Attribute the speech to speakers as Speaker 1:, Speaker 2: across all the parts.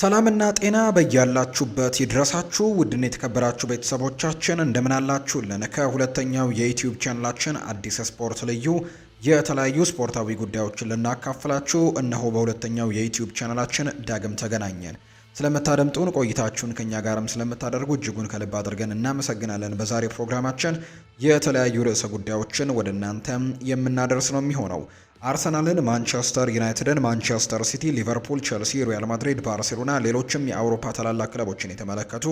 Speaker 1: ሰላምና ጤና በያላችሁበት ይድረሳችሁ። ውድን የተከበራችሁ ቤተሰቦቻችን እንደምናላችሁልን ከሁለተኛው የዩትዩብ ቻናላችን አዲስ ስፖርት ልዩ የተለያዩ ስፖርታዊ ጉዳዮችን ልናካፍላችሁ እነሆ በሁለተኛው የዩትዩብ ቻናላችን ዳግም ተገናኘን። ስለምታደምጡን ቆይታችሁን ከኛ ጋርም ስለምታደርጉ እጅጉን ከልብ አድርገን እናመሰግናለን። በዛሬ ፕሮግራማችን የተለያዩ ርዕሰ ጉዳዮችን ወደ እናንተ የምናደርስ ነው የሚሆነው አርሰናልን፣ ማንቸስተር ዩናይትድን፣ ማንቸስተር ሲቲ፣ ሊቨርፑል፣ ቸልሲ፣ ሪያል ማድሪድ፣ ባርሴሎና ሌሎችም የአውሮፓ ታላላቅ ክለቦችን የተመለከቱ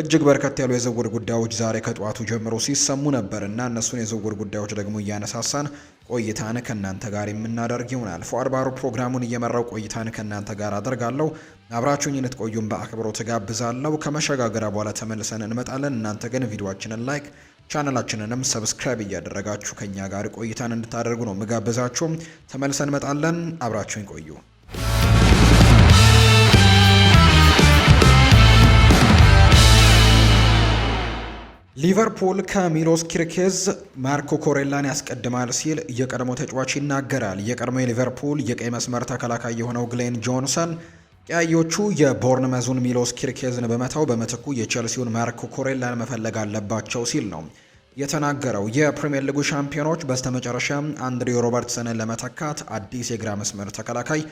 Speaker 1: እጅግ በርከት ያሉ የዝውውር ጉዳዮች ዛሬ ከጠዋቱ ጀምሮ ሲሰሙ ነበር እና እነሱን የዝውውር ጉዳዮች ደግሞ እያነሳሳን ቆይታን ከእናንተ ጋር የምናደርግ ይሆናል። ፉአድ ባሩ ፕሮግራሙን እየመራው ቆይታን ከእናንተ ጋር አደርጋለሁ። አብራችሁኝ ልትቆዩም በአክብሮት ጋብዛለሁ። ከመሸጋገሪያ በኋላ ተመልሰን እንመጣለን። እናንተ ግን ቪዲዮችንን ላይክ ቻነላችንንም ሰብስክራይብ እያደረጋችሁ ከኛ ጋር ቆይታን እንድታደርጉ ነው ምጋብዛችሁም። ተመልሰን እንመጣለን። አብራችሁን ቆዩ። ሊቨርፑል ከሚሎስ ኪርኬዝ ማርኮ ኮሬላን ያስቀድማል ሲል የቀድሞ ተጫዋች ይናገራል። የቀድሞ የሊቨርፑል የቀይ መስመር ተከላካይ የሆነው ግሌን ጆንሰን ቀያዮቹ የቦርንመዙን ሚሎስ ኪርኬዝን በመተው በምትኩ የቼልሲውን ማርክ ኮሬላን መፈለግ አለባቸው ሲል ነው የተናገረው። የፕሪምየር ሊጉ ሻምፒዮኖች በስተመጨረሻ አንድሬ ሮበርትሰንን ለመተካት አዲስ የግራ መስመር ተከላካይ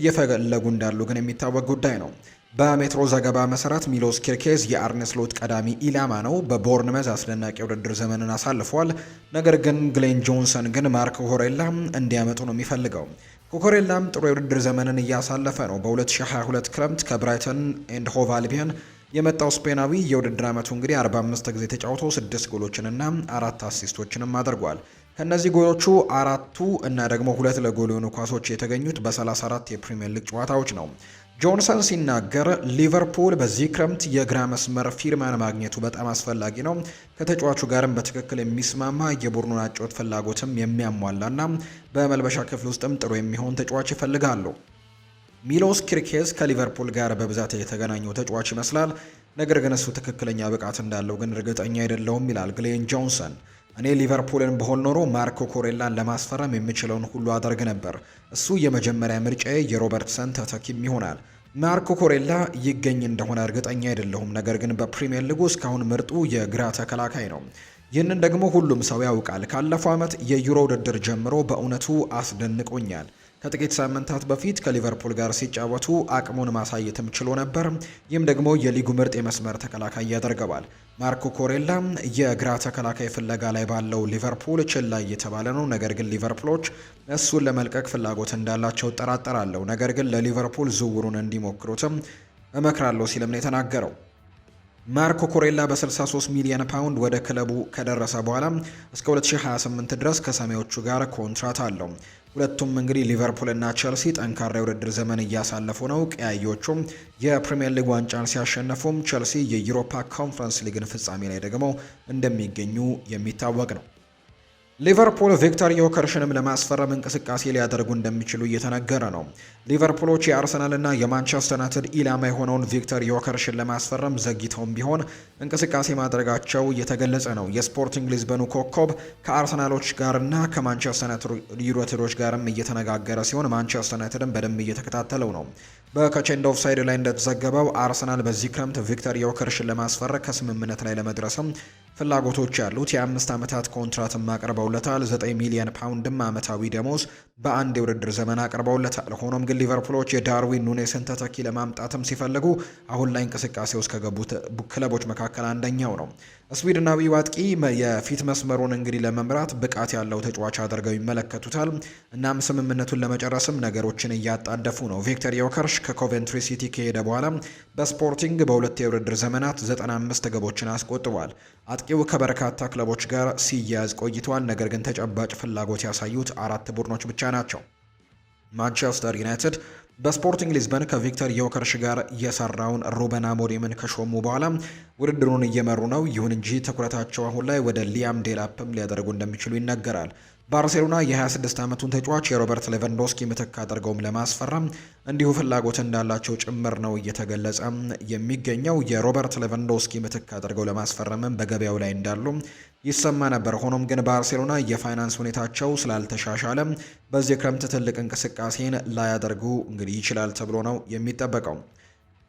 Speaker 1: እየፈለጉ እንዳሉ ግን የሚታወቅ ጉዳይ ነው። በሜትሮ ዘገባ መሰረት ሚሎስ ኪርኬዝ የአርነ ቀዳሚ ኢላማ ነው። በቦርንመዝ አስደናቂ ውድድር ዘመንን አሳልፏል። ነገር ግን ግሌን ጆንሰን ግን ማርክ ሆሬላ እንዲያመጡ ነው የሚፈልገው። ኮኮሬላም ጥሩ የውድድር ዘመንን እያሳለፈ ነው። በ2022 ክረምት ከብራይተን ኤንድ ሆቭ አልቢየን የመጣው ስፔናዊ የውድድር ዓመቱ እንግዲህ 45 ጊዜ ተጫውቶ 6 ጎሎችንና አራት አሲስቶችንም አድርጓል። ከእነዚህ ጎሎቹ አራቱ እና ደግሞ ሁለት ለጎል የሆኑ ኳሶች የተገኙት በ34 የፕሪምየር ሊግ ጨዋታዎች ነው። ጆንሰን ሲናገር ሊቨርፑል በዚህ ክረምት የግራ መስመር ፊርማን ማግኘቱ በጣም አስፈላጊ ነው። ከተጫዋቹ ጋርም በትክክል የሚስማማ የቡድኑን አጨዋወት ፍላጎትም የሚያሟላና በመልበሻ ክፍል ውስጥም ጥሩ የሚሆን ተጫዋች ይፈልጋሉ። ሚሎስ ኪርኬዝ ከሊቨርፑል ጋር በብዛት የተገናኘው ተጫዋች ይመስላል። ነገር ግን እሱ ትክክለኛ ብቃት እንዳለው ግን እርግጠኛ አይደለውም ይላል ግሌን ጆንሰን። እኔ ሊቨርፑልን በሆን ኖሮ ማርኮ ኮሬላን ለማስፈረም የምችለውን ሁሉ አደርግ ነበር። እሱ የመጀመሪያ ምርጫዬ የሮበርትሰን ተተኪም ይሆናል። ማርኮ ኮሬላ ይገኝ እንደሆነ እርግጠኛ አይደለሁም፣ ነገር ግን በፕሪምየር ሊጉ እስካሁን ምርጡ የግራ ተከላካይ ነው። ይህንን ደግሞ ሁሉም ሰው ያውቃል። ካለፈው ዓመት የዩሮ ውድድር ጀምሮ በእውነቱ አስደንቆኛል። ከጥቂት ሳምንታት በፊት ከሊቨርፑል ጋር ሲጫወቱ አቅሙን ማሳየትም ችሎ ነበር። ይህም ደግሞ የሊጉ ምርጥ የመስመር ተከላካይ ያደርገዋል። ማርኮ ኮሬላ የግራ ተከላካይ ፍለጋ ላይ ባለው ሊቨርፑል ችላ እየተባለ ነው። ነገር ግን ሊቨርፑሎች እሱን ለመልቀቅ ፍላጎት እንዳላቸው እጠራጠራለሁ። ነገር ግን ለሊቨርፑል ዝውውሩን እንዲሞክሩትም እመክራለሁ ሲልም ነው የተናገረው። ማርኮ ኮሬላ በ63 ሚሊዮን ፓውንድ ወደ ክለቡ ከደረሰ በኋላ እስከ 2028 ድረስ ከሰማዮቹ ጋር ኮንትራት አለው። ሁለቱም እንግዲህ ሊቨርፑልና ቸልሲ ጠንካራ የውድድር ዘመን እያሳለፉ ነው። ቀያዮቹም የፕሪምየር ሊግ ዋንጫን ሲያሸነፉም፣ ቸልሲ የዩሮፓ ኮንፈረንስ ሊግን ፍጻሜ ላይ ደግሞ እንደሚገኙ የሚታወቅ ነው። ሊቨርፑል ቪክተር ዮከርሽንም ለማስፈረም እንቅስቃሴ ሊያደርጉ እንደሚችሉ እየተነገረ ነው። ሊቨርፑሎች የአርሰናልና የማንቸስተር ዩናይትድ ኢላማ የሆነውን ቪክተር ዮከርሽን ለማስፈረም ዘግይተውም ቢሆን እንቅስቃሴ ማድረጋቸው እየተገለጸ ነው። የስፖርቲንግ ሊዝበኑ ኮከብ ከአርሰናሎች ጋርና ከማንቸስተር ዩናይትዶች ጋርም እየተነጋገረ ሲሆን ማንቸስተር ዩናይትድም በደንብ እየተከታተለው ነው። በከቼንድ ኦፍሳይድ ላይ እንደተዘገበው አርሰናል በዚህ ክረምት ቪክተር ዮከርሽን ለማስፈረግ ከስምምነት ላይ ለመድረስም ፍላጎቶች ያሉት የአምስት ዓመታት ኮንትራትን ማቅርበውለታል። ዘጠኝ ሚሊየን ፓውንድም ዓመታዊ ደሞዝ በአንድ የውድድር ዘመን አቅርበውለታል። ሆኖም ግን ሊቨርፑሎች የዳርዊን ኑኔስን ተተኪ ለማምጣትም ሲፈልጉ አሁን ላይ እንቅስቃሴ ውስጥ ከገቡት ክለቦች መካከል አንደኛው ነው። ስዊድናዊ አጥቂ የፊት መስመሩን እንግዲህ ለመምራት ብቃት ያለው ተጫዋች አድርገው ይመለከቱታል። እናም ስምምነቱን ለመጨረስም ነገሮችን እያጣደፉ ነው። ቪክተር ዮከርሽ ከኮቨንትሪ ሲቲ ከሄደ በኋላ በስፖርቲንግ በሁለት የውድድር ዘመናት 95 ግቦችን አስቆጥቧል። አጥቂው ከበርካታ ክለቦች ጋር ሲያያዝ ቆይቷል። ነገር ግን ተጨባጭ ፍላጎት ያሳዩት አራት ቡድኖች ብቻ ናቸው። ማንቸስተር ዩናይትድ በስፖርቲንግ ሊዝበን ከቪክተር ዮከርሽ ጋር የሰራውን ሩበን አሞሪምን ከሾሙ በኋላ ውድድሩን እየመሩ ነው። ይሁን እንጂ ትኩረታቸው አሁን ላይ ወደ ሊያም ዴላፕም ሊያደርጉ እንደሚችሉ ይነገራል። ባርሴሎና የ26 ዓመቱን ተጫዋች የሮበርት ሌቫንዶስኪ ምትክ አድርገውም ለማስፈረም እንዲሁ ፍላጎት እንዳላቸው ጭምር ነው እየተገለጸ የሚገኘው። የሮበርት ሌቫንዶስኪ ምትክ አድርገው ለማስፈረምም በገበያው ላይ እንዳሉ ይሰማ ነበር። ሆኖም ግን ባርሴሎና የፋይናንስ ሁኔታቸው ስላልተሻሻለ በዚህ ክረምት ትልቅ እንቅስቃሴን ላያደርጉ እንግዲህ ይችላል ተብሎ ነው የሚጠበቀው።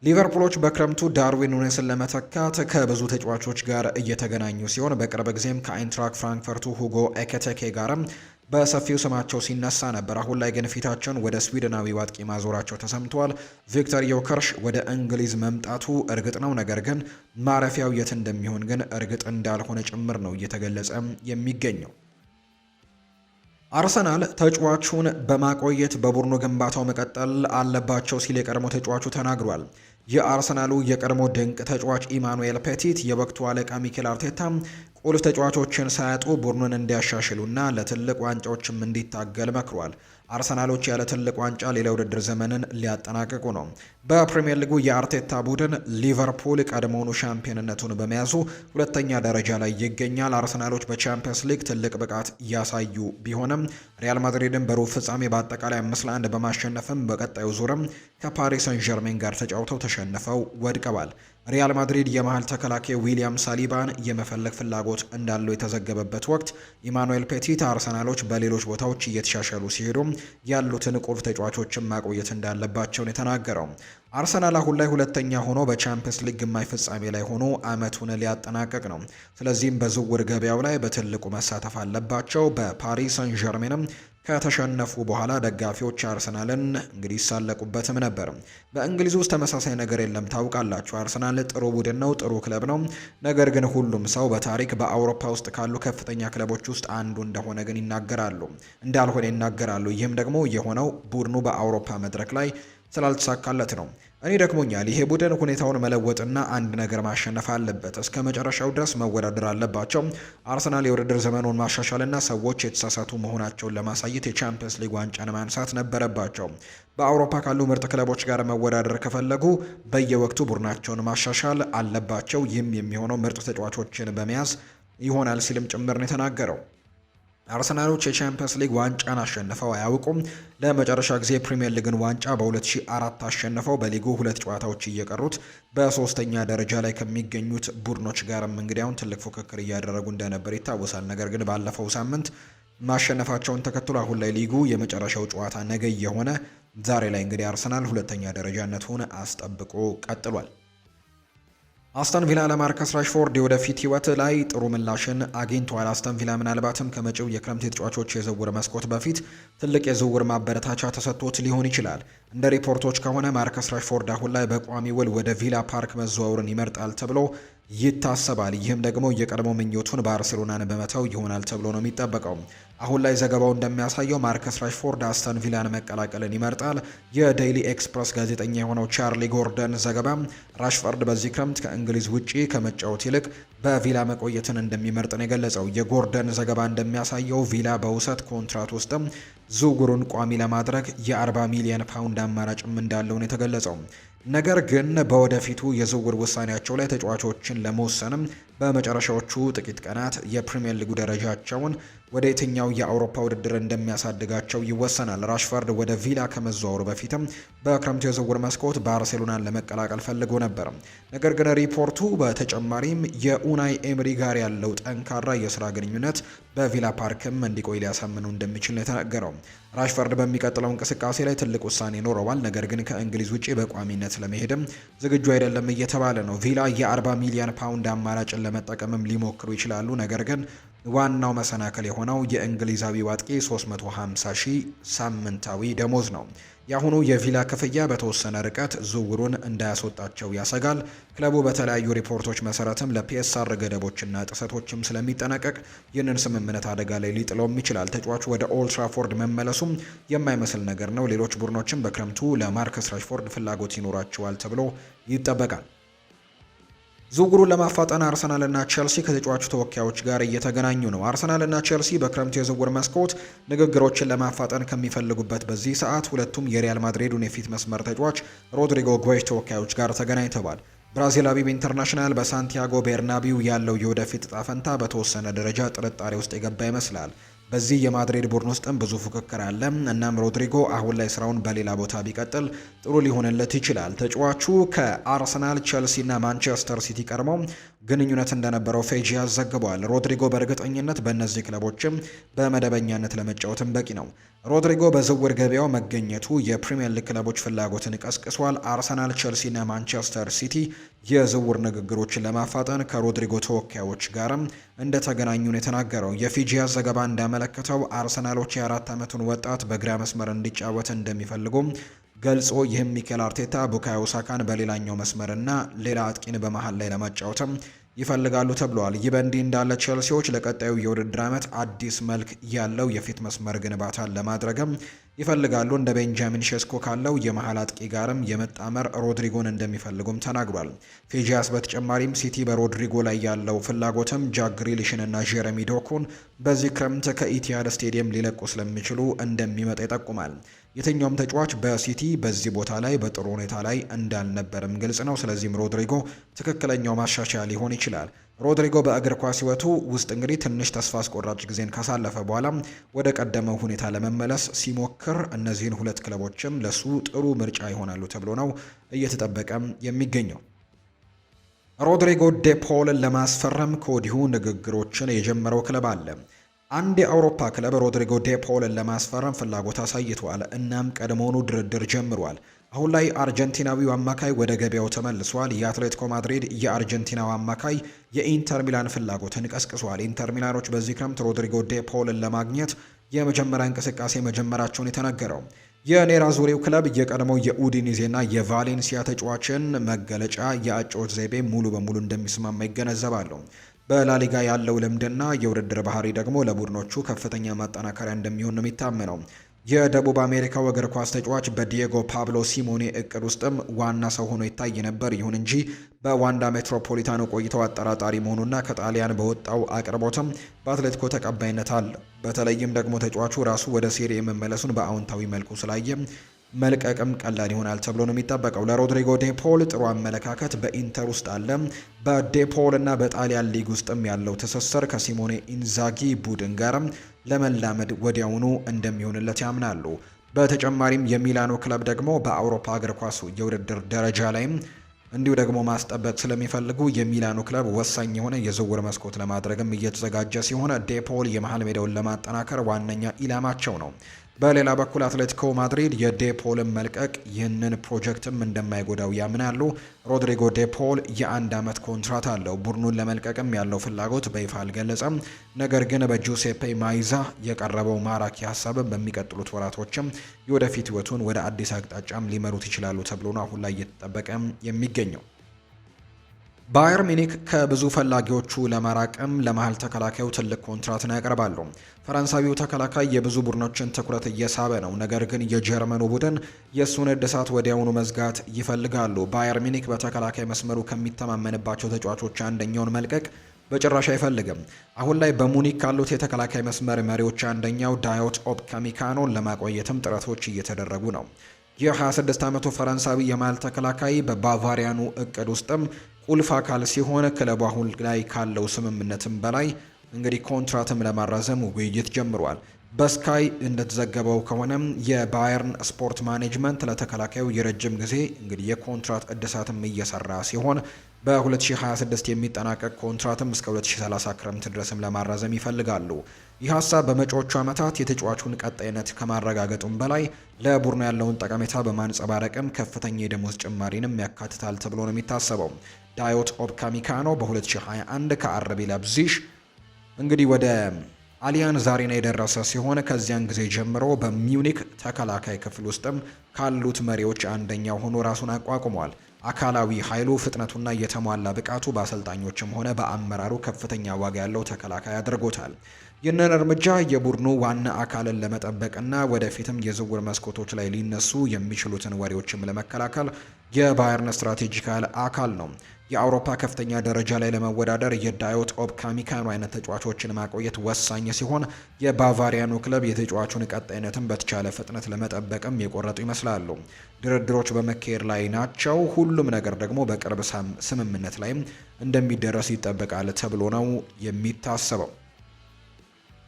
Speaker 1: ሊቨርፑሎች በክረምቱ ዳርዊን ኑኔስን ለመተካት ከብዙ ተጫዋቾች ጋር እየተገናኙ ሲሆን በቅርብ ጊዜም ከአይንትራክ ፍራንክፈርቱ ሁጎ ኤኬቴኬ ጋርም በሰፊው ስማቸው ሲነሳ ነበር። አሁን ላይ ግን ፊታቸውን ወደ ስዊድናዊ ዋጥቂ ማዞራቸው ተሰምተዋል። ቪክተር ዮከርሽ ወደ እንግሊዝ መምጣቱ እርግጥ ነው፣ ነገር ግን ማረፊያው የት እንደሚሆን ግን እርግጥ እንዳልሆነ ጭምር ነው እየተገለጸ የሚገኘው። አርሰናል ተጫዋቹን በማቆየት በቡድኑ ግንባታው መቀጠል አለባቸው ሲል የቀድሞ ተጫዋቹ ተናግሯል። የአርሰናሉ የቀድሞ ድንቅ ተጫዋች ኢማኑኤል ፔቲት የወቅቱ አለቃ ሚኬል አርቴታ ቁልፍ ተጫዋቾችን ሳያጡ ቡድኑን እንዲያሻሽሉና ለትልቅ ዋንጫዎችም እንዲታገል መክሯል። አርሰናሎች ያለ ትልቅ ዋንጫ ሌላ ውድድር ዘመንን ሊያጠናቅቁ ነው። በፕሪምየር ሊጉ የአርቴታ ቡድን ሊቨርፑል ቀድሞውኑ ሻምፒዮንነቱን በመያዙ ሁለተኛ ደረጃ ላይ ይገኛል። አርሰናሎች በቻምፒየንስ ሊግ ትልቅ ብቃት እያሳዩ ቢሆንም ሪያል ማድሪድን በሩብ ፍጻሜ በአጠቃላይ አምስት ለአንድ በማሸነፍም በቀጣዩ ዙርም ከፓሪስ ሰን ጀርሜን ጋር ተጫውተው ተሸንፈው ወድቀዋል። ሪያል ማድሪድ የመሀል ተከላካይ ዊሊያም ሳሊባን የመፈለግ ፍላጎት እንዳለው የተዘገበበት ወቅት ኢማኑኤል ፔቲት አርሰናሎች በሌሎች ቦታዎች እየተሻሻሉ ሲሄዱ ያሉትን ቁልፍ ተጫዋቾችን ማቆየት እንዳለባቸውን የተናገረው አርሰናል አሁን ላይ ሁለተኛ ሆኖ በቻምፒየንስ ሊግ ግማሽ ፍጻሜ ላይ ሆኖ አመቱን ሊያጠናቀቅ ነው። ስለዚህም በዝውውር ገበያው ላይ በትልቁ መሳተፍ አለባቸው። በፓሪስ ሰን ዠርሜንም ከተሸነፉ በኋላ ደጋፊዎች አርሰናልን እንግዲህ ይሳለቁበትም ነበር። በእንግሊዝ ውስጥ ተመሳሳይ ነገር የለም ታውቃላችሁ። አርሰናል ጥሩ ቡድን ነው፣ ጥሩ ክለብ ነው። ነገር ግን ሁሉም ሰው በታሪክ በአውሮፓ ውስጥ ካሉ ከፍተኛ ክለቦች ውስጥ አንዱ እንደሆነ ግን ይናገራሉ እንዳልሆነ ይናገራሉ። ይህም ደግሞ የሆነው ቡድኑ በአውሮፓ መድረክ ላይ ስላልተሳካለት ነው። እኔ ደክሞኛል። ይሄ ቡድን ሁኔታውን መለወጥና አንድ ነገር ማሸነፍ አለበት። እስከ መጨረሻው ድረስ መወዳደር አለባቸው። አርሰናል የውድድር ዘመኑን ማሻሻልና ሰዎች የተሳሳቱ መሆናቸውን ለማሳየት የቻምፒየንስ ሊግ ዋንጫን ማንሳት ነበረባቸው። በአውሮፓ ካሉ ምርጥ ክለቦች ጋር መወዳደር ከፈለጉ በየወቅቱ ቡድናቸውን ማሻሻል አለባቸው። ይህም የሚሆነው ምርጥ ተጫዋቾችን በመያዝ ይሆናል ሲልም ጭምር ነው የተናገረው። አርሰናሎች የቻምፒየንስ ሊግ ዋንጫን አሸንፈው አያውቁም። ለመጨረሻ ጊዜ ፕሪምየር ሊግን ዋንጫ በ2004 አሸንፈው በሊጉ ሁለት ጨዋታዎች እየቀሩት በሶስተኛ ደረጃ ላይ ከሚገኙት ቡድኖች ጋርም እንግዲያውን ትልቅ ፉክክር እያደረጉ እንደነበር ይታወሳል። ነገር ግን ባለፈው ሳምንት ማሸነፋቸውን ተከትሎ አሁን ላይ ሊጉ የመጨረሻው ጨዋታ ነገ የሆነ ዛሬ ላይ እንግዲህ አርሰናል ሁለተኛ ሆነ አስጠብቆ ቀጥሏል። አስተን ቪላ ለማርከስ ራሽፎርድ የወደፊት ህይወት ላይ ጥሩ ምላሽን አግኝቷል። አስተን ቪላ ምናልባትም ከመጪው የክረምት የተጫዋቾች የዝውውር መስኮት በፊት ትልቅ የዝውውር ማበረታቻ ተሰጥቶት ሊሆን ይችላል። እንደ ሪፖርቶች ከሆነ ማርከስ ራሽፎርድ አሁን ላይ በቋሚ ውል ወደ ቪላ ፓርክ መዘዋወርን ይመርጣል ተብሎ ይታሰባል። ይህም ደግሞ የቀድሞ ምኞቱን ባርሴሎናን በመተው ይሆናል ተብሎ ነው የሚጠበቀው። አሁን ላይ ዘገባው እንደሚያሳየው ማርከስ ራሽፎርድ አስተን ቪላን መቀላቀልን ይመርጣል። የዴይሊ ኤክስፕረስ ጋዜጠኛ የሆነው ቻርሊ ጎርደን ዘገባ ራሽፎርድ በዚህ ክረምት ከእንግሊዝ ውጪ ከመጫወት ይልቅ በቪላ መቆየትን እንደሚመርጥ ነው የገለጸው። የጎርደን ዘገባ እንደሚያሳየው ቪላ በውሰት ኮንትራት ውስጥም ዝውውሩን ቋሚ ለማድረግ የ40 ሚሊዮን ፓውንድ አማራጭም እንዳለውን የተገለጸው። ነገር ግን በወደፊቱ የዝውውር ውሳኔያቸው ላይ ተጫዋቾችን ለመወሰንም በመጨረሻዎቹ ጥቂት ቀናት የፕሪምየር ሊጉ ደረጃቸውን ወደ የትኛው የአውሮፓ ውድድር እንደሚያሳድጋቸው ይወሰናል። ራሽፈርድ ወደ ቪላ ከመዘዋወሩ በፊትም በክረምቱ የዝውውር መስኮት ባርሴሎናን ለመቀላቀል ፈልጎ ነበር። ነገር ግን ሪፖርቱ በተጨማሪም የኡናይ ኤምሪ ጋር ያለው ጠንካራ የስራ ግንኙነት በቪላ ፓርክም እንዲቆይ ሊያሳምኑ እንደሚችል ነው የተናገረው። ራሽፈርድ በሚቀጥለው እንቅስቃሴ ላይ ትልቅ ውሳኔ ይኖረዋል። ነገር ግን ከእንግሊዝ ውጪ በቋሚነት ለመሄድም ዝግጁ አይደለም እየተባለ ነው። ቪላ የ40 ሚሊዮን ፓውንድ አማራጭ ለመጠቀምም ሊሞክሩ ይችላሉ። ነገር ግን ዋናው መሰናከል የሆነው የእንግሊዛዊ አጥቂ 350 ሺህ ሳምንታዊ ደሞዝ ነው። የአሁኑ የቪላ ክፍያ በተወሰነ ርቀት ዝውውሩን እንዳያስወጣቸው ያሰጋል። ክለቡ በተለያዩ ሪፖርቶች መሰረትም ለፒኤስአር ገደቦችና ጥሰቶችም ስለሚጠናቀቅ ይህንን ስምምነት አደጋ ላይ ሊጥለውም ይችላል። ተጫዋቹ ወደ ኦልትራፎርድ መመለሱም የማይመስል ነገር ነው። ሌሎች ቡድኖችም በክረምቱ ለማርከስ ራሽፎርድ ፍላጎት ይኖራቸዋል ተብሎ ይጠበቃል። ዝውውሩን ለማፋጠን አርሰናልና ቸልሲ ከተጫዋቹ ተወካዮች ጋር እየተገናኙ ነው። አርሰናልና ቸልሲ በክረምት የዝውውር መስኮት ንግግሮችን ለማፋጠን ከሚፈልጉበት በዚህ ሰዓት ሁለቱም የሪያል ማድሪዱን የፊት መስመር ተጫዋች ሮድሪጎ ጓጅ ተወካዮች ጋር ተገናኝተዋል። ብራዚላዊው ኢንተርናሽናል በሳንቲያጎ ቤርናቢው ያለው የወደፊት እጣ ፈንታ በተወሰነ ደረጃ ጥርጣሬ ውስጥ የገባ ይመስላል። በዚህ የማድሪድ ቡድን ውስጥም ብዙ ፉክክር አለ። እናም ሮድሪጎ አሁን ላይ ስራውን በሌላ ቦታ ቢቀጥል ጥሩ ሊሆንለት ይችላል። ተጫዋቹ ከአርሰናል፣ ቸልሲ እና ማንቸስተር ሲቲ ቀድመው ግንኙነት እንደነበረው ፌጂ ዘግቧል። ሮድሪጎ በእርግጠኝነት በእነዚህ ክለቦችም በመደበኛነት ለመጫወትም በቂ ነው። ሮድሪጎ በዝውውር ገበያው መገኘቱ የፕሪምየር ሊግ ክለቦች ፍላጎትን ቀስቅሷል። አርሰናል፣ ቸልሲና ማንቸስተር ሲቲ የዝውውር ንግግሮችን ለማፋጠን ከሮድሪጎ ተወካዮች ጋርም እንደተገናኙ ነው የተናገረው። የፊጂ ዘገባ እንዳመለከተው አርሰናሎች የአራት ዓመቱን ወጣት በግራ መስመር እንዲጫወት እንደሚፈልጉም ገልጾ ይህም ሚኬል አርቴታ ቡካዮ ሳካን በሌላኛው መስመርና ሌላ አጥቂን በመሀል ላይ ለማጫወትም ይፈልጋሉ ተብሏል። ይህ በእንዲህ እንዳለ ቼልሲዎች ለቀጣዩ የውድድር ዓመት አዲስ መልክ ያለው የፊት መስመር ግንባታን ለማድረግም ይፈልጋሉ። እንደ ቤንጃሚን ሼስኮ ካለው የመሀል አጥቂ ጋርም የመጣመር ሮድሪጎን እንደሚፈልጉም ተናግሯል። ፌጂያስ በተጨማሪም ሲቲ በሮድሪጎ ላይ ያለው ፍላጎትም ጃክ ግሪሊሽንና ጀረሚ ዶኩን በዚህ ክረምት ከኢቲያር ስቴዲየም ሊለቁ ስለሚችሉ እንደሚመጣ ይጠቁማል። የትኛውም ተጫዋች በሲቲ በዚህ ቦታ ላይ በጥሩ ሁኔታ ላይ እንዳልነበርም ግልጽ ነው። ስለዚህም ሮድሪጎ ትክክለኛው ማሻሻያ ሊሆን ይችላል። ሮድሪጎ በእግር ኳስ ሕይወቱ ውስጥ እንግዲህ ትንሽ ተስፋ አስቆራጭ ጊዜን ካሳለፈ በኋላ ወደ ቀደመው ሁኔታ ለመመለስ ሲሞክር እነዚህን ሁለት ክለቦችም ለሱ ጥሩ ምርጫ ይሆናሉ ተብሎ ነው እየተጠበቀም የሚገኘው። ሮድሪጎ ዴፖልን ለማስፈረም ከወዲሁ ንግግሮችን የጀመረው ክለብ አለ። አንድ የአውሮፓ ክለብ ሮድሪጎ ዴፖልን ለማስፈረም ፍላጎት አሳይቷል። እናም ቀድሞውኑ ድርድር ጀምሯል። አሁን ላይ አርጀንቲናዊው አማካይ ወደ ገበያው ተመልሷል። የአትሌቲኮ ማድሪድ የአርጀንቲናው አማካይ የኢንተር ሚላን ፍላጎትን ቀስቅሷል። ኢንተር ሚላኖች በዚህ ክረምት ሮድሪጎ ዴፖልን ለማግኘት የመጀመሪያ እንቅስቃሴ መጀመራቸውን የተነገረው የኔራ ዙሪው ክለብ የቀድሞው የኡዲኒዜና የቫሌንሲያ ተጫዋችን መገለጫ የአጨዋወት ዘይቤ ሙሉ በሙሉ እንደሚስማማ ይገነዘባሉ። በላሊጋ ያለው ልምድና የውድድር ባህሪ ደግሞ ለቡድኖቹ ከፍተኛ ማጠናከሪያ እንደሚሆን ነው የሚታመነው። የደቡብ አሜሪካው እግር ኳስ ተጫዋች በዲየጎ ፓብሎ ሲሞኔ እቅድ ውስጥም ዋና ሰው ሆኖ ይታይ ነበር። ይሁን እንጂ በዋንዳ ሜትሮፖሊታኑ ቆይታው አጠራጣሪ መሆኑና ከጣሊያን በወጣው አቅርቦትም በአትሌቲኮ ተቀባይነት አለ። በተለይም ደግሞ ተጫዋቹ ራሱ ወደ ሴሪ የመመለሱን በአዎንታዊ መልኩ ስላየ መልቀቅም ቀላል ይሆናል ተብሎ ነው የሚጠበቀው። ለሮድሪጎ ዴፖል ጥሩ አመለካከት በኢንተር ውስጥ አለ። በዴፖል እና በጣሊያን ሊግ ውስጥም ያለው ትስስር ከሲሞኔ ኢንዛጊ ቡድን ጋርም ለመላመድ ወዲያውኑ እንደሚሆንለት ያምናሉ። በተጨማሪም የሚላኑ ክለብ ደግሞ በአውሮፓ እግር ኳስ የውድድር ደረጃ ላይም እንዲሁ ደግሞ ማስጠበቅ ስለሚፈልጉ የሚላኑ ክለብ ወሳኝ የሆነ የዝውውር መስኮት ለማድረግም እየተዘጋጀ ሲሆን ዴፖል የመሀል ሜዳውን ለማጠናከር ዋነኛ ኢላማቸው ነው። በሌላ በኩል አትሌቲኮ ማድሪድ የዴፖልን መልቀቅ ይህንን ፕሮጀክትም እንደማይጎዳው ያምናሉ። ሮድሪጎ ዴፖል የአንድ ዓመት ኮንትራት አለው። ቡድኑን ለመልቀቅም ያለው ፍላጎት በይፋ አልገለጸም። ነገር ግን በጁሴፔ ማይዛ የቀረበው ማራኪ ሀሳብም በሚቀጥሉት ወራቶችም የወደፊት ህይወቱን ወደ አዲስ አቅጣጫም ሊመሩት ይችላሉ ተብሎ ነው አሁን ላይ እየተጠበቀ የሚገኘው። ባየር ሚኒክ ከብዙ ፈላጊዎቹ ለመራቅም ለመሀል ተከላካዩ ትልቅ ኮንትራትን ያቀርባሉ። ፈረንሳዊው ተከላካይ የብዙ ቡድኖችን ትኩረት እየሳበ ነው። ነገር ግን የጀርመኑ ቡድን የእሱን እድሳት ወዲያውኑ መዝጋት ይፈልጋሉ። ባየር ሚኒክ በተከላካይ መስመሩ ከሚተማመንባቸው ተጫዋቾች አንደኛውን መልቀቅ በጭራሽ አይፈልግም። አሁን ላይ በሙኒክ ካሉት የተከላካይ መስመር መሪዎች አንደኛው ዳዮት ኦፕ ከሚካኖን ለማቆየትም ጥረቶች እየተደረጉ ነው። የ26 ዓመቱ ፈረንሳዊ የማል ተከላካይ በባቫሪያኑ እቅድ ውስጥም ቁልፍ አካል ሲሆን ክለቡ አሁን ላይ ካለው ስምምነትም በላይ እንግዲህ ኮንትራትም ለማራዘም ውይይት ጀምሯል። በስካይ እንደተዘገበው ከሆነም የባየርን ስፖርት ማኔጅመንት ለተከላካዩ የረጅም ጊዜ እንግዲህ የኮንትራት እድሳትም እየሰራ ሲሆን በ2026 የሚጠናቀቅ ኮንትራትም እስከ 2030 ክረምት ድረስም ለማራዘም ይፈልጋሉ። ይህ ሀሳብ በመጪዎቹ ዓመታት የተጫዋቹን ቀጣይነት ከማረጋገጡም በላይ ለቡድኑ ያለውን ጠቀሜታ በማንጸባረቅም ከፍተኛ የደሞዝ ጭማሪንም ያካትታል ተብሎ ነው የሚታሰበው። ዳዮት ኦፕካሚካኖ በ2021 ከአረቤ ለብዚሽ እንግዲህ ወደ አሊያን ዛሬና የደረሰ ሲሆን ከዚያን ጊዜ ጀምሮ በሚዩኒክ ተከላካይ ክፍል ውስጥም ካሉት መሪዎች አንደኛው ሆኖ ራሱን አቋቁሟል። አካላዊ ኃይሉ፣ ፍጥነቱና የተሟላ ብቃቱ በአሰልጣኞችም ሆነ በአመራሩ ከፍተኛ ዋጋ ያለው ተከላካይ አድርጎታል። ይህንን እርምጃ የቡድኑ ዋና አካልን ለመጠበቅና ወደፊትም የዝውውር መስኮቶች ላይ ሊነሱ የሚችሉትን ወሬዎችም ለመከላከል የባየርን ስትራቴጂካል አካል ነው። የአውሮፓ ከፍተኛ ደረጃ ላይ ለመወዳደር የዳዮት ኦብ ካሚካኑ አይነት ተጫዋቾችን ማቆየት ወሳኝ ሲሆን የባቫሪያኑ ክለብ የተጫዋቹን ቀጣይነትን በተቻለ ፍጥነት ለመጠበቅም የቆረጡ ይመስላሉ። ድርድሮች በመካሄድ ላይ ናቸው። ሁሉም ነገር ደግሞ በቅርብ ስምምነት ላይም እንደሚደረስ ይጠበቃል ተብሎ ነው የሚታሰበው።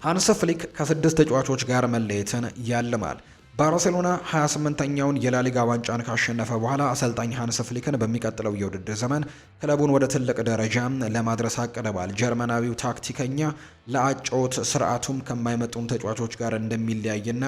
Speaker 1: ሃንስ ፍሊክ ከስድስት ተጫዋቾች ጋር መለየትን ያልማል። ባርሴሎና 28ኛውን የላሊጋ ዋንጫን ካሸነፈ በኋላ አሰልጣኝ ሃንስ ፍሊክን በሚቀጥለው የውድድር ዘመን ክለቡን ወደ ትልቅ ደረጃ ለማድረስ አቅደዋል። ጀርመናዊው ታክቲከኛ ለአጨዋወት ስርዓቱም ከማይመጡም ተጫዋቾች ጋር እንደሚለያይና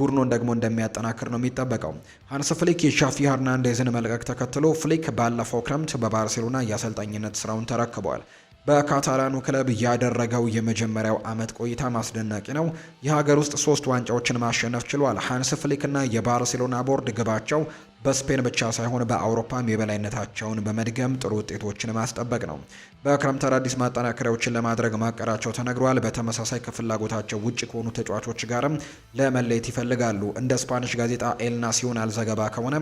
Speaker 1: ቡድኑን ደግሞ እንደሚያጠናክር ነው የሚጠበቀው። ሃንስ ፍሊክ የሻፊ ሀርናንዴዝን መልቀቅ ተከትሎ ፍሊክ ባለፈው ክረምት በባርሴሎና የአሰልጣኝነት ስራውን ተረክቧል። በካታላኑ ክለብ ያደረገው የመጀመሪያው ዓመት ቆይታ ማስደናቂ ነው። የሀገር ውስጥ ሶስት ዋንጫዎችን ማሸነፍ ችሏል። ሃንስ ፍሊክና የባርሴሎና ቦርድ ግባቸው በስፔን ብቻ ሳይሆን በአውሮፓም የበላይነታቸውን በመድገም ጥሩ ውጤቶችን ማስጠበቅ ነው። በክረምት አዳዲስ ማጠናከሪያዎችን ለማድረግ ማቀዳቸው ተነግሯል። በተመሳሳይ ከፍላጎታቸው ውጭ ከሆኑ ተጫዋቾች ጋርም ለመለየት ይፈልጋሉ። እንደ ስፓኒሽ ጋዜጣ ኤልናሲዮናል ዘገባ ከሆነ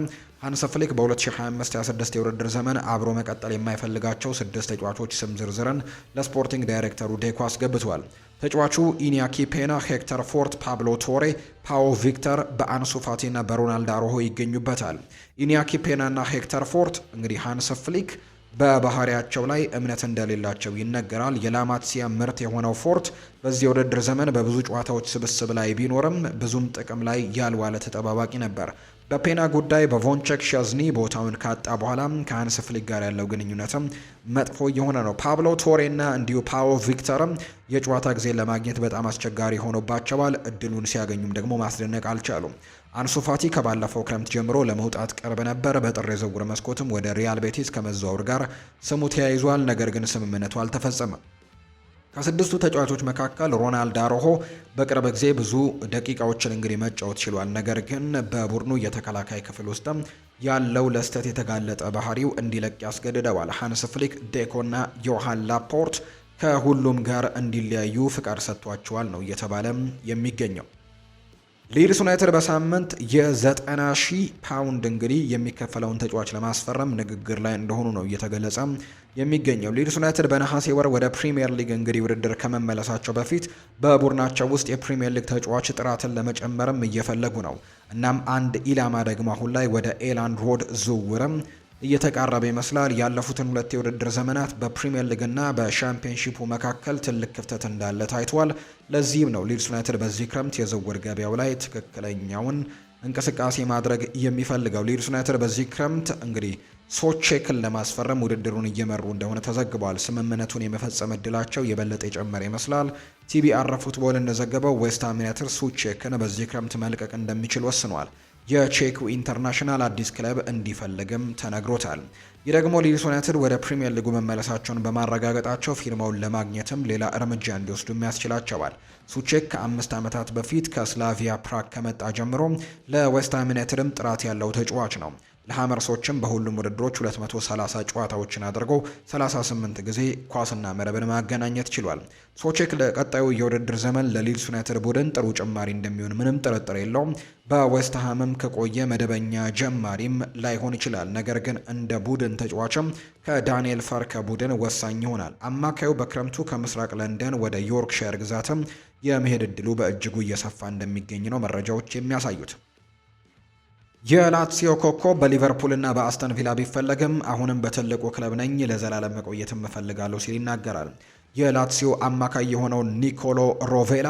Speaker 1: ሃንስ ፍሊክ በ2025/26 የውድድር ዘመን አብሮ መቀጠል የማይፈልጋቸው ስድስት ተጫዋቾች ስም ዝርዝርን ለስፖርቲንግ ዳይሬክተሩ ዴኮ አስገብቷል። ተጫዋቹ ኢኒያኪ ፔና፣ ሄክተር ፎርት፣ ፓብሎ ቶሬ፣ ፓዎ ቪክተር፣ በአንሱ ፋቲና በሮናልድ አሮሆ ይገኙበታል። ኢኒያኪ ፔናና ሄክተር ፎርት እንግዲህ ሃንስ ፍሊክ በባህሪያቸው ላይ እምነት እንደሌላቸው ይነገራል። የላማሲያ ምርት የሆነው ፎርት በዚህ የውድድር ዘመን በብዙ ጨዋታዎች ስብስብ ላይ ቢኖርም ብዙም ጥቅም ላይ ያልዋለ ተጠባባቂ ነበር። በፔና ጉዳይ በቮንቸክ ሸዝኒ ቦታውን ካጣ በኋላ ከሀንስ ፍሊክ ጋር ያለው ግንኙነትም መጥፎ እየሆነ ነው። ፓብሎ ቶሬና እንዲሁ ፓዎ ቪክተርም የጨዋታ ጊዜ ለማግኘት በጣም አስቸጋሪ ሆኖባቸዋል። እድሉን ሲያገኙም ደግሞ ማስደነቅ አልቻሉም። አንሱ ፋቲ ከባለፈው ክረምት ጀምሮ ለመውጣት ቅርብ ነበር። በጥር የዝውውር መስኮትም ወደ ሪያል ቤቲስ ከመዘዋወር ጋር ስሙ ተያይዟል። ነገር ግን ስምምነቱ አልተፈጸመም። ከስድስቱ ተጫዋቾች መካከል ሮናልድ አሮሆ በቅርብ ጊዜ ብዙ ደቂቃዎችን እንግዲህ መጫወት ችሏል። ነገር ግን በቡድኑ የተከላካይ ክፍል ውስጥም ያለው ለስተት የተጋለጠ ባህሪው እንዲለቅ ያስገድደዋል። ሃንስ ፍሊክ፣ ዴኮና ዮሃን ላፖርት ከሁሉም ጋር እንዲለያዩ ፍቃድ ሰጥቷቸዋል ነው እየተባለም የሚገኘው። ሊድስ ዩናይትድ በሳምንት የዘጠና ሺህ ፓውንድ እንግዲህ የሚከፈለውን ተጫዋች ለማስፈረም ንግግር ላይ እንደሆኑ ነው እየተገለጸ የሚገኘው። ሊድስ ዩናይትድ በነሐሴ ወር ወደ ፕሪምየር ሊግ እንግዲህ ውድድር ከመመለሳቸው በፊት በቡድናቸው ውስጥ የፕሪምየር ሊግ ተጫዋች ጥራትን ለመጨመርም እየፈለጉ ነው። እናም አንድ ኢላማ ደግሞ አሁን ላይ ወደ ኤላንድ ሮድ ዝውውርም እየተቃረበ ይመስላል። ያለፉትን ሁለት የውድድር ዘመናት በፕሪምየር ሊግና በሻምፒዮንሺፑ መካከል ትልቅ ክፍተት እንዳለ ታይቷል። ለዚህም ነው ሊድስ ዩናይትድ በዚህ ክረምት የዝውውር ገበያው ላይ ትክክለኛውን እንቅስቃሴ ማድረግ የሚፈልገው። ሊድስ ዩናይትድ በዚህ ክረምት እንግዲህ ሶቼክን ለማስፈረም ውድድሩን እየመሩ እንደሆነ ተዘግቧል። ስምምነቱን የመፈጸም እድላቸው የበለጠ የጨመረ ይመስላል። ቲቢአር ፉትቦል እንደዘገበው ዌስትሃም ዩናይትድ ሶቼክን በዚህ ክረምት መልቀቅ እንደሚችል ወስኗል። የቼኩ ኢንተርናሽናል አዲስ ክለብ እንዲፈልግም ተነግሮታል። ይህ ደግሞ ሊድስ ዩናይትድ ወደ ፕሪምየር ሊጉ መመለሳቸውን በማረጋገጣቸው ፊርማውን ለማግኘትም ሌላ እርምጃ እንዲወስዱም ያስችላቸዋል። ሱቼክ ከአምስት ዓመታት በፊት ከስላቪያ ፕራግ ከመጣ ጀምሮ ለዌስትሃም ዩናይትድም ጥራት ያለው ተጫዋች ነው። ለሐመርሶችም በሁሉም ውድድሮች 230 ጨዋታዎችን አድርጎ 38 ጊዜ ኳስና መረብን ማገናኘት ችሏል። ሶቼክ ለቀጣዩ የውድድር ዘመን ለሊድስ ዩናይትድ ቡድን ጥሩ ጭማሪ እንደሚሆን ምንም ጥርጥር የለውም። በዌስትሃምም ከቆየ መደበኛ ጀማሪም ላይሆን ይችላል። ነገር ግን እንደ ቡድን ተጫዋችም ከዳንኤል ፋርከ ቡድን ወሳኝ ይሆናል። አማካዩ በክረምቱ ከምስራቅ ለንደን ወደ ዮርክሻየር ግዛትም የመሄድ እድሉ በእጅጉ እየሰፋ እንደሚገኝ ነው መረጃዎች የሚያሳዩት። የላትሲዮ ኮከብ በሊቨርፑልና በአስተን ቪላ ቢፈለግም አሁንም በትልቁ ክለብ ነኝ ለዘላለም መቆየትም እፈልጋለሁ ሲል ይናገራል። የላትሲዮ አማካይ የሆነው ኒኮሎ ሮቬላ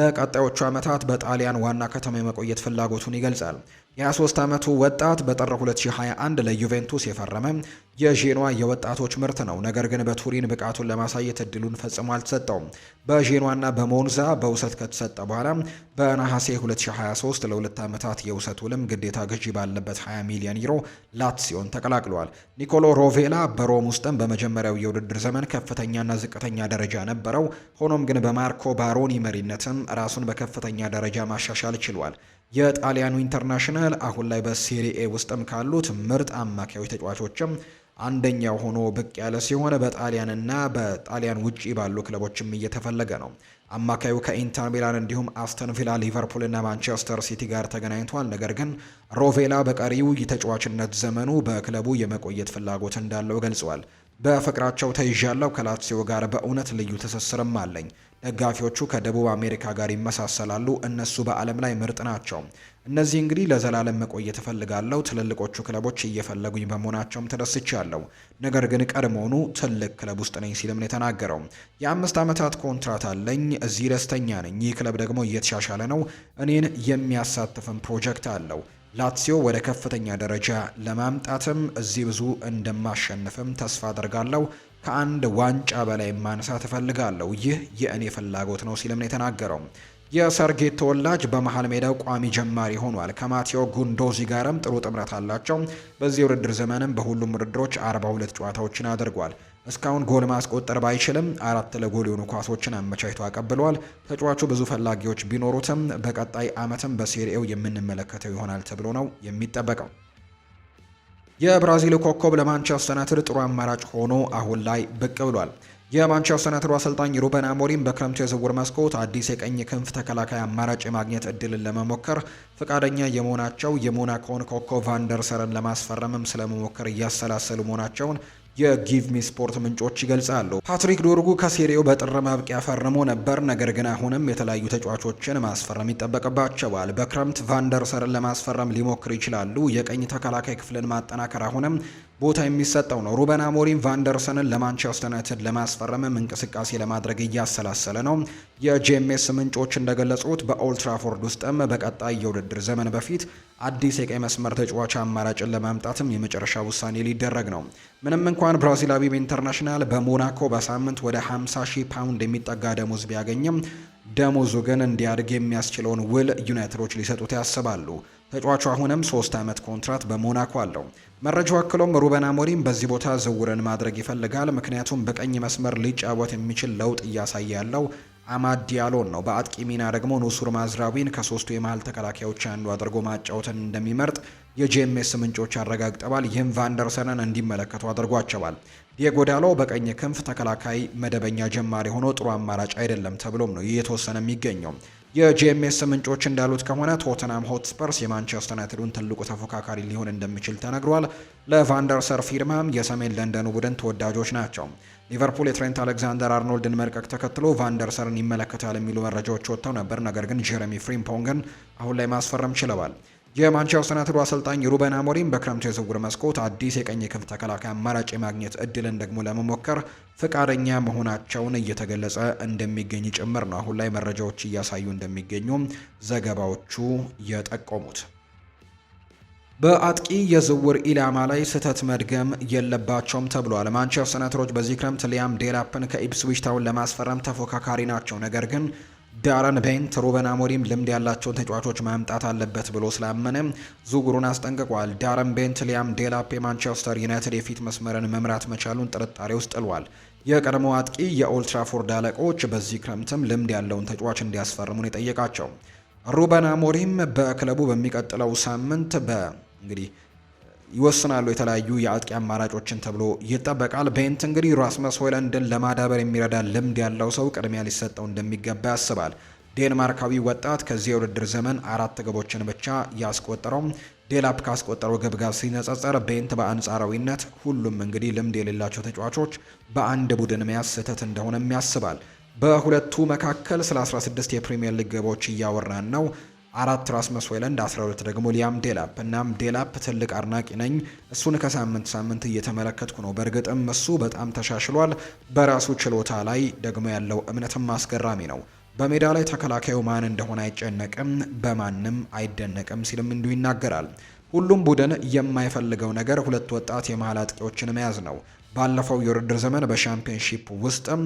Speaker 1: ለቀጣዮቹ ዓመታት በጣሊያን ዋና ከተማ የመቆየት ፍላጎቱን ይገልጻል። የ23 ዓመቱ ወጣት በጥር 2021 ለዩቬንቱስ የፈረመ የዤኗ የወጣቶች ምርት ነው። ነገር ግን በቱሪን ብቃቱን ለማሳየት እድሉን ፈጽሞ አልተሰጠውም። በዤኗና በሞንዛ በውሰት ከተሰጠ በኋላ በነሐሴ 2023 ለሁለት ዓመታት የውሰት ውልም ግዴታ ግዢ ባለበት 20 ሚሊዮን ዩሮ ላትሲዮን ተቀላቅሏል። ኒኮሎ ሮቬላ በሮም ውስጥም በመጀመሪያው የውድድር ዘመን ከፍተኛና ዝቅተኛ ደረጃ ነበረው። ሆኖም ግን በማርኮ ባሮኒ መሪነትም ራሱን በከፍተኛ ደረጃ ማሻሻል ችሏል። የጣሊያኑ ኢንተርናሽናል አሁን ላይ በሴሪኤ ውስጥም ካሉት ምርጥ አማካዮች ተጫዋቾችም አንደኛው ሆኖ ብቅ ያለ ሲሆን በጣሊያንና በጣሊያን ውጪ ባሉ ክለቦችም እየተፈለገ ነው። አማካዩ ከኢንተር ሚላን እንዲሁም አስተን ቪላ፣ ሊቨርፑልና ማንቸስተር ሲቲ ጋር ተገናኝቷል። ነገር ግን ሮቬላ በቀሪው የተጫዋችነት ዘመኑ በክለቡ የመቆየት ፍላጎት እንዳለው ገልጿል። በፍቅራቸው ተይዣለሁ። ከላትሲዮ ጋር በእውነት ልዩ ትስስርም አለኝ። ደጋፊዎቹ ከደቡብ አሜሪካ ጋር ይመሳሰላሉ። እነሱ በዓለም ላይ ምርጥ ናቸው። እነዚህ እንግዲህ ለዘላለም መቆየት እፈልጋለሁ። ትልልቆቹ ክለቦች እየፈለጉኝ በመሆናቸውም ተደስቻለሁ። ነገር ግን ቀድሞውኑ ትልቅ ክለብ ውስጥ ነኝ ሲልም ነው የተናገረው። የአምስት ዓመታት ኮንትራት አለኝ። እዚህ ደስተኛ ነኝ። ይህ ክለብ ደግሞ እየተሻሻለ ነው። እኔን የሚያሳትፍም ፕሮጀክት አለው። ላትሲዮ ወደ ከፍተኛ ደረጃ ለማምጣትም እዚህ ብዙ እንደማሸንፍም ተስፋ አደርጋለሁ። ከአንድ ዋንጫ በላይ ማንሳት እፈልጋለሁ። ይህ የእኔ ፍላጎት ነው ሲልም ነው የተናገረው። የሰርጌት ተወላጅ በመሀል ሜዳው ቋሚ ጀማሪ ሆኗል። ከማቴዎ ጉንዶዚ ጋርም ጥሩ ጥምረት አላቸው። በዚህ ውድድር ዘመንም በሁሉም ውድድሮች 42 ጨዋታዎችን አድርጓል። እስካሁን ጎል ማስቆጠር ባይችልም አራት ለጎል የሆኑ ኳሶችን አመቻችቶ አቀብሏል። ተጫዋቹ ብዙ ፈላጊዎች ቢኖሩትም በቀጣይ ዓመትም በሴሪኤው የምንመለከተው ይሆናል ተብሎ ነው የሚጠበቀው። የብራዚል ኮከብ ለማንቸስተር ዩናይትድ ጥሩ አማራጭ ሆኖ አሁን ላይ ብቅ ብሏል። የማንቸስተር ዩናይትድ አሰልጣኝ ሩበን አሞሪም በክረምቱ የዝውውር መስኮት አዲስ የቀኝ ክንፍ ተከላካይ አማራጭ የማግኘት እድልን ለመሞከር ፈቃደኛ የመሆናቸው የሞናኮን ኮከብ ቫንደርሰርን ለማስፈረምም ስለመሞከር እያሰላሰሉ መሆናቸውን የጊቭ ሚ ስፖርት ምንጮች ይገልጻሉ። ፓትሪክ ዶርጉ ከሴሪው በጥር ማብቂያ ፈርሞ ነበር። ነገር ግን አሁንም የተለያዩ ተጫዋቾችን ማስፈረም ይጠበቅባቸዋል። በክረምት ቫንደርሰርን ለማስፈረም ሊሞክር ይችላሉ። የቀኝ ተከላካይ ክፍልን ማጠናከር አሁንም ቦታ የሚሰጠው ነው። ሩበን አሞሪም ቫንደርሰንን ለማንቸስተር ዩናይትድ ለማስፈረምም እንቅስቃሴ ለማድረግ እያሰላሰለ ነው። የጄምስ ምንጮች እንደገለጹት በኦልትራፎርድ ውስጥም በቀጣይ የውድድር ዘመን በፊት አዲስ የቀይ መስመር ተጫዋች አማራጭን ለማምጣትም የመጨረሻ ውሳኔ ሊደረግ ነው። ምንም እንኳን ብራዚላዊው ኢንተርናሽናል በሞናኮ በሳምንት ወደ 50 ሺህ ፓውንድ የሚጠጋ ደሞዝ ቢያገኝም ደሞዙ ግን እንዲያድግ የሚያስችለውን ውል ዩናይትዶች ሊሰጡት ያስባሉ። ተጫዋቹ አሁንም ሶስት ዓመት ኮንትራት በሞናኮ አለው። መረጃው አክሎም ሩበን አሞሪም በዚህ ቦታ ዝውውርን ማድረግ ይፈልጋል፣ ምክንያቱም በቀኝ መስመር ሊጫወት የሚችል ለውጥ እያሳየ ያለው አማድ ዲያሎን ነው። በአጥቂ ሚና ደግሞ ኑሱር ማዝራዊን ከሶስቱ የመሃል ተከላካዮች አንዱ አድርጎ ማጫወትን እንደሚመርጥ የጂኤምኤስ ምንጮች አረጋግጠዋል። ይህም ቫንደርሰንን እንዲመለከቱ አድርጓቸዋል። ዲየጎ ዳሎ በቀኝ ክንፍ ተከላካይ መደበኛ ጀማሪ ሆኖ ጥሩ አማራጭ አይደለም ተብሎም ነው የተወሰነ የሚገኘው። የጂኤምኤስ ምንጮች እንዳሉት ከሆነ ቶተናም ሆትስፐርስ የማንቸስተር ዩናይትዱን ትልቁ ተፎካካሪ ሊሆን እንደሚችል ተነግሯል። ለቫንደርሰር ፊርማም የሰሜን ለንደኑ ቡድን ተወዳጆች ናቸው። ሊቨርፑል የትሬንት አሌክዛንደር አርኖልድን መልቀቅ ተከትሎ ቫንደርሰርን ይመለከታል የሚሉ መረጃዎች ወጥተው ነበር። ነገር ግን ጀረሚ ፍሪምፖንግን አሁን ላይ ማስፈረም ችለዋል። የማንቸስተር ዩናይትድ አሰልጣኝ ሩበን አሞሪም በክረምቱ የዝውውር መስኮት አዲስ የቀኝ ክንፍ ተከላካይ አማራጭ የማግኘት እድልን ደግሞ ለመሞከር ፍቃደኛ መሆናቸውን እየተገለጸ እንደሚገኝ ጭምር ነው አሁን ላይ መረጃዎች እያሳዩ እንደሚገኙ ዘገባዎቹ የጠቆሙት። በአጥቂ የዝውውር ኢላማ ላይ ስህተት መድገም የለባቸውም ተብሏል። ማንቸስተር ዩናይትዶች በዚህ ክረምት ሊያም ዴላፕን ከኢፕስዊች ታውን ለማስፈረም ተፎካካሪ ናቸው ነገር ግን ዳረን ቤንት ሩበን አሞሪም ልምድ ያላቸውን ተጫዋቾች ማምጣት አለበት ብሎ ስላመነ ዝውውሩን አስጠንቅቋል። ዳረን ቤንት፣ ሊያም ዴላፕ የማንቸስተር ዩናይትድ የፊት መስመርን መምራት መቻሉን ጥርጣሬ ውስጥ ጥሏል። የቀድሞ አጥቂ የኦልትራፎርድ አለቆች በዚህ ክረምትም ልምድ ያለውን ተጫዋች እንዲያስፈርሙን የጠየቃቸው ሩበን አሞሪም በክለቡ በሚቀጥለው ሳምንት በእንግዲህ ይወስናሉ የተለያዩ የአጥቂ አማራጮችን ተብሎ ይጠበቃል። ቤንት እንግዲህ ራስመስ ሆይለንድን ለማዳበር የሚረዳ ልምድ ያለው ሰው ቅድሚያ ሊሰጠው እንደሚገባ ያስባል። ዴንማርካዊ ወጣት ከዚህ የውድድር ዘመን አራት ግቦችን ብቻ ያስቆጠረው ዴላፕ ካስቆጠረው ግብ ጋር ሲነጻጸር ቤንት በአንጻራዊነት ሁሉም እንግዲህ ልምድ የሌላቸው ተጫዋቾች በአንድ ቡድን መያዝ ስህተት እንደሆነም ያስባል። በሁለቱ መካከል ስለ 16 የፕሪምየር ሊግ ግቦች እያወራን ነው። አራት ራስመስ ሆይለንድ 12 ደግሞ ሊያም ዴላፕ። እናም ዴላፕ ትልቅ አድናቂ ነኝ። እሱን ከሳምንት ሳምንት እየተመለከትኩ ነው። በእርግጥም እሱ በጣም ተሻሽሏል። በራሱ ችሎታ ላይ ደግሞ ያለው እምነትም አስገራሚ ነው። በሜዳ ላይ ተከላካዩ ማን እንደሆነ አይጨነቅም፣ በማንም አይደነቅም ሲልም እንዲሁ ይናገራል። ሁሉም ቡድን የማይፈልገው ነገር ሁለት ወጣት የመሀል አጥቂዎችን መያዝ ነው። ባለፈው የውድድር ዘመን በሻምፒዮንሺፕ ውስጥም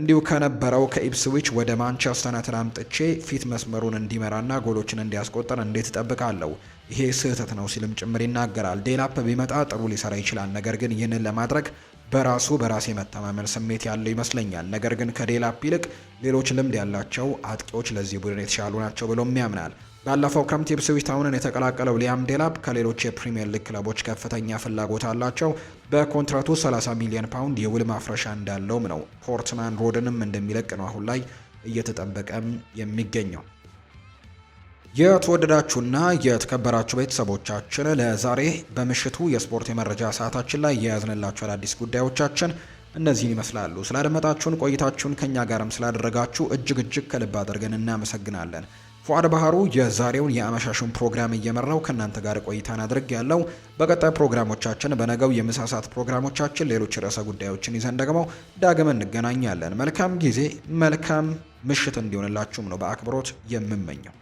Speaker 1: እንዲሁ ከነበረው ከኢፕስዊች ወደ ማንቸስተር ዩናይትድ አምጥቼ ፊት መስመሩን እንዲመራና ጎሎችን እንዲያስቆጠር እንዴት እጠብቃለሁ? ይሄ ስህተት ነው ሲልም ጭምር ይናገራል። ዴላፕ ቢመጣ ጥሩ ሊሰራ ይችላል፣ ነገር ግን ይህንን ለማድረግ በራሱ በራስ የመተማመን ስሜት ያለው ይመስለኛል። ነገር ግን ከዴላፕ ይልቅ ሌሎች ልምድ ያላቸው አጥቂዎች ለዚህ ቡድን የተሻሉ ናቸው ብሎም ያምናል። ባለፈው ክረምት ኢፕስዊች ታውንን የተቀላቀለው ሊያም ዴላፕ ከሌሎች የፕሪምየር ሊግ ክለቦች ከፍተኛ ፍላጎት አላቸው። በኮንትራቱ 30 ሚሊዮን ፓውንድ የውል ማፍረሻ እንዳለውም ነው። ፖርትማን ሮድንም እንደሚለቅ ነው አሁን ላይ እየተጠበቀም የሚገኘው። የተወደዳችሁና የተከበራችሁ ቤተሰቦቻችን ለዛሬ በምሽቱ የስፖርት የመረጃ ሰዓታችን ላይ የያዝንላችሁ አዳዲስ ጉዳዮቻችን እነዚህን ይመስላሉ። ስላደመጣችሁን ቆይታችሁን ከእኛ ጋርም ስላደረጋችሁ እጅግ እጅግ ከልብ አድርገን እናመሰግናለን። ፏድ ባህሩ የዛሬውን የአመሻሹን ፕሮግራም እየመራው ከእናንተ ጋር ቆይታን አድርግ ያለው። በቀጣይ ፕሮግራሞቻችን በነገው የምሳሳት ፕሮግራሞቻችን ሌሎች ርዕሰ ጉዳዮችን ይዘን ደግሞ ዳግም እንገናኛለን። መልካም ጊዜ፣ መልካም ምሽት እንዲሆንላችሁም ነው በአክብሮት የምመኘው።